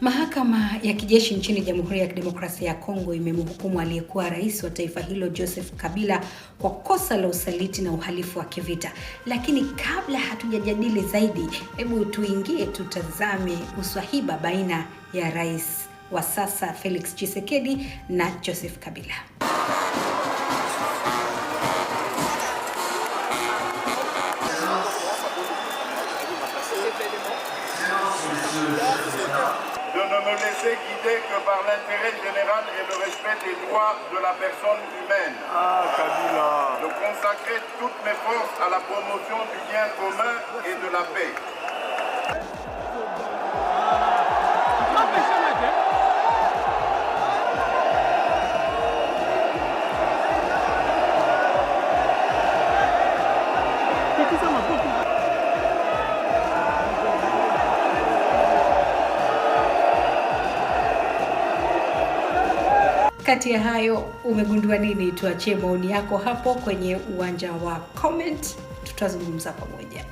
Mahakama ya kijeshi nchini Jamhuri ya Kidemokrasia ya Kongo imemhukumu aliyekuwa rais wa taifa hilo Joseph Kabila kwa kosa la usaliti na uhalifu wa kivita. Lakini kabla hatujajadili zaidi, hebu tuingie tutazame uswahiba baina ya rais wa sasa Felix Tshisekedi na Joseph Kabila. ne laisser guider que par l'intérêt général et le respect des droits de la personne humaine. Ah, Kabila De consacrer toutes mes forces à la promotion du bien commun et de la paix. kati ya hayo umegundua nini? Tuachie maoni yako hapo kwenye uwanja wa comment, tutazungumza pamoja.